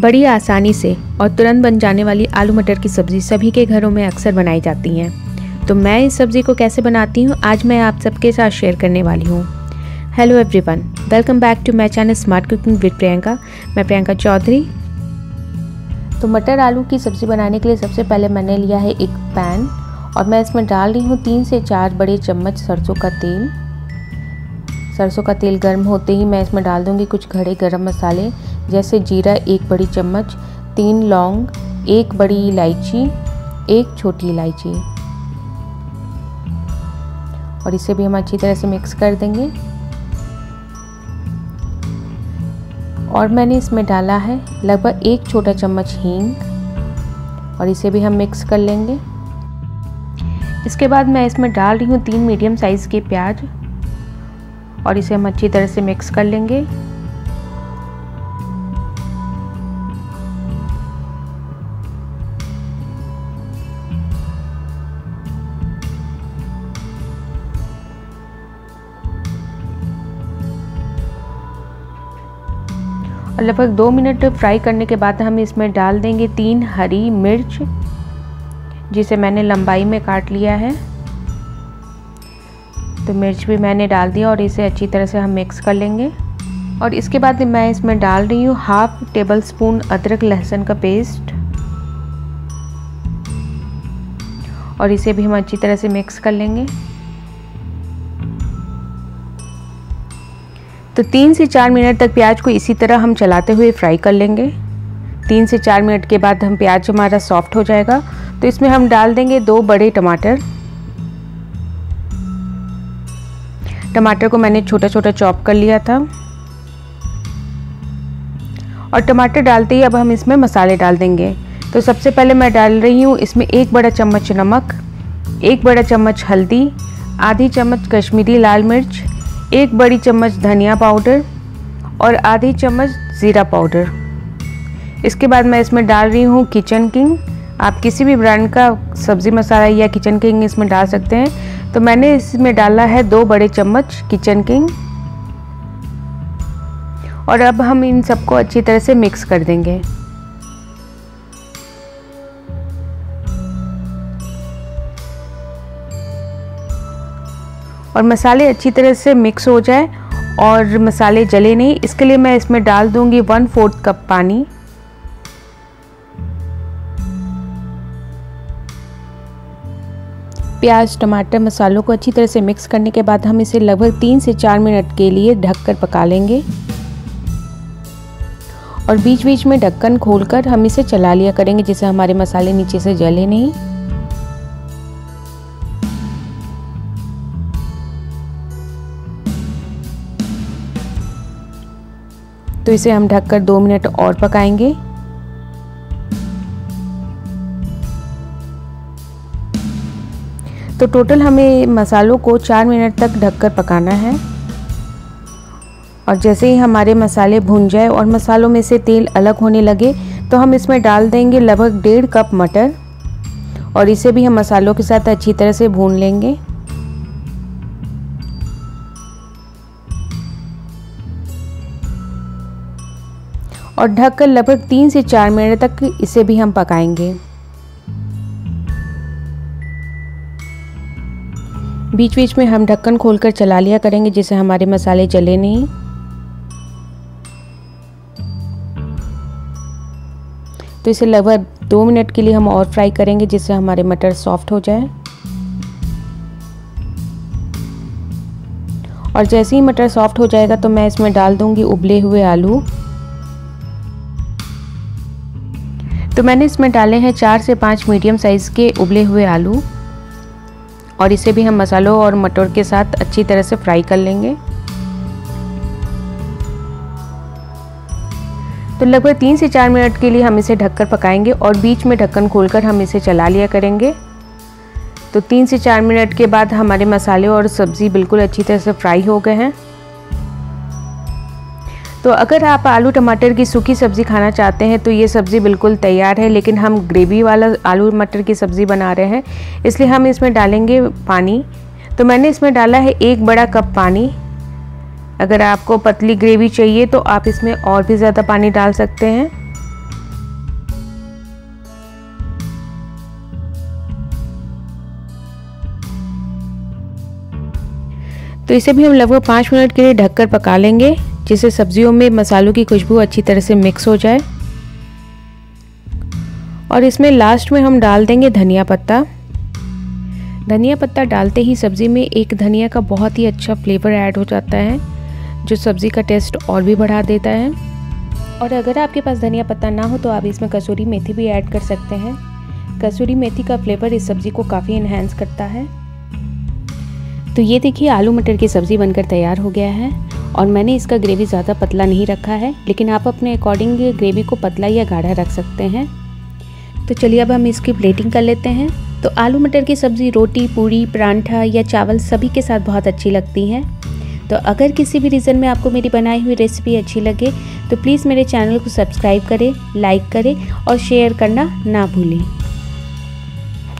बड़ी आसानी से और तुरंत बन जाने वाली आलू मटर की सब्ज़ी सभी के घरों में अक्सर बनाई जाती हैं तो मैं इस सब्ज़ी को कैसे बनाती हूँ आज मैं आप सबके साथ शेयर करने वाली हूँ hello everyone welcome back to my channel smart cooking with Priyanka मैं प्रियंका चौधरी तो मटर आलू की सब्ज़ी बनाने के लिए सबसे पहले मैंने लिया है एक पैन और मैं इसमें डाल रही हूँ तीन से चार बड़े चम्मच सरसों का तेल सरसों का तेल गर्म होते ही मैं इसमें डाल दूँगी कुछ घड़े गर्म मसाले जैसे जीरा एक बड़ी चम्मच तीन लौंग एक बड़ी इलायची एक छोटी इलायची और इसे भी हम अच्छी तरह से मिक्स कर देंगे और मैंने इसमें डाला है लगभग एक छोटा चम्मच हींग और इसे भी हम मिक्स कर लेंगे इसके बाद मैं इसमें डाल रही हूँ तीन मीडियम साइज़ के प्याज और इसे हम अच्छी तरह से मिक्स कर लेंगे और लगभग दो मिनट फ्राई करने के बाद हम इसमें डाल देंगे तीन हरी मिर्च जिसे मैंने लंबाई में काट लिया है तो मिर्च भी मैंने डाल दिया और इसे अच्छी तरह से हम मिक्स कर लेंगे और इसके बाद मैं इसमें डाल रही हूँ हाफ टेबल स्पून अदरक लहसुन का पेस्ट और इसे भी हम अच्छी तरह से मिक्स कर लेंगे तो तीन से चार मिनट तक प्याज को इसी तरह हम चलाते हुए फ्राई कर लेंगे तीन से चार मिनट के बाद हम प्याज हमारा सॉफ्ट हो जाएगा तो इसमें हम डाल देंगे दो बड़े टमाटर टमाटर को मैंने छोटा छोटा चॉप कर लिया था और टमाटर डालते ही अब हम इसमें मसाले डाल देंगे तो सबसे पहले मैं डाल रही हूँ इसमें एक बड़ा चम्मच नमक एक बड़ा चम्मच हल्दी आधी चम्मच कश्मीरी लाल मिर्च एक बड़ी चम्मच धनिया पाउडर और आधी चम्मच ज़ीरा पाउडर इसके बाद मैं इसमें डाल रही हूँ किचन किंग आप किसी भी ब्रांड का सब्ज़ी मसाला या किचन किंग इसमें डाल सकते हैं तो मैंने इसमें डाला है दो बड़े चम्मच किचन किंग और अब हम इन सबको अच्छी तरह से मिक्स कर देंगे और मसाले अच्छी तरह से मिक्स हो जाए और मसाले जले नहीं इसके लिए मैं इसमें डाल दूंगी वन फोर्थ कप पानी प्याज टमाटर मसालों को अच्छी तरह से मिक्स करने के बाद हम इसे लगभग तीन से चार मिनट के लिए ढककर पका लेंगे और बीच बीच में ढक्कन खोलकर हम इसे चला लिया करेंगे जिससे हमारे मसाले नीचे से जले नहीं तो इसे हम ढककर दो मिनट और पकाएंगे तो टोटल हमें मसालों को चार मिनट तक ढककर पकाना है और जैसे ही हमारे मसाले भुन जाए और मसालों में से तेल अलग होने लगे तो हम इसमें डाल देंगे लगभग डेढ़ कप मटर और इसे भी हम मसालों के साथ अच्छी तरह से भून लेंगे और ढककर लगभग तीन से चार मिनट तक इसे भी हम पकाएंगे बीच बीच में हम ढक्कन खोलकर चला लिया करेंगे जिससे हमारे मसाले जले नहीं तो इसे लगभग दो मिनट के लिए हम और फ्राई करेंगे जिससे हमारे मटर सॉफ्ट हो जाए और जैसे ही मटर सॉफ्ट हो जाएगा तो मैं इसमें डाल दूंगी उबले हुए आलू तो मैंने इसमें डाले हैं चार से पाँच मीडियम साइज़ के उबले हुए आलू और इसे भी हम मसालों और मटर के साथ अच्छी तरह से फ्राई कर लेंगे तो लगभग तीन से चार मिनट के लिए हम इसे ढककर पकाएंगे और बीच में ढक्कन खोलकर हम इसे चला लिया करेंगे तो तीन से चार मिनट के बाद हमारे मसाले और सब्ज़ी बिल्कुल अच्छी तरह से फ्राई हो गए हैं तो अगर आप आलू टमाटर की सूखी सब्ज़ी खाना चाहते हैं तो ये सब्ज़ी बिल्कुल तैयार है लेकिन हम ग्रेवी वाला आलू मटर की सब्ज़ी बना रहे हैं इसलिए हम इसमें डालेंगे पानी तो मैंने इसमें डाला है एक बड़ा कप पानी अगर आपको पतली ग्रेवी चाहिए तो आप इसमें और भी ज़्यादा पानी डाल सकते हैं तो इसे भी हम लगभग पाँच मिनट के लिए ढककर पका लेंगे जिससे सब्जियों में मसालों की खुशबू अच्छी तरह से मिक्स हो जाए और इसमें लास्ट में हम डाल देंगे धनिया पत्ता धनिया पत्ता डालते ही सब्ज़ी में एक धनिया का बहुत ही अच्छा फ्लेवर ऐड हो जाता है जो सब्ज़ी का टेस्ट और भी बढ़ा देता है और अगर आपके पास धनिया पत्ता ना हो तो आप इसमें कसूरी मेथी भी ऐड कर सकते हैं कसूरी मेथी का फ्लेवर इस सब्ज़ी को काफ़ी इन्हेंस करता है तो ये देखिए आलू मटर की सब्ज़ी बनकर तैयार हो गया है और मैंने इसका ग्रेवी ज़्यादा पतला नहीं रखा है लेकिन आप अपने अकॉर्डिंग ग्रेवी को पतला या गाढ़ा रख सकते हैं तो चलिए अब हम इसकी प्लेटिंग कर लेते हैं तो आलू मटर की सब्ज़ी रोटी पूरी परांठा या चावल सभी के साथ बहुत अच्छी लगती हैं तो अगर किसी भी रीज़न में आपको मेरी बनाई हुई रेसिपी अच्छी लगे तो प्लीज़ मेरे चैनल को सब्सक्राइब करें लाइक करें और शेयर करना ना भूलें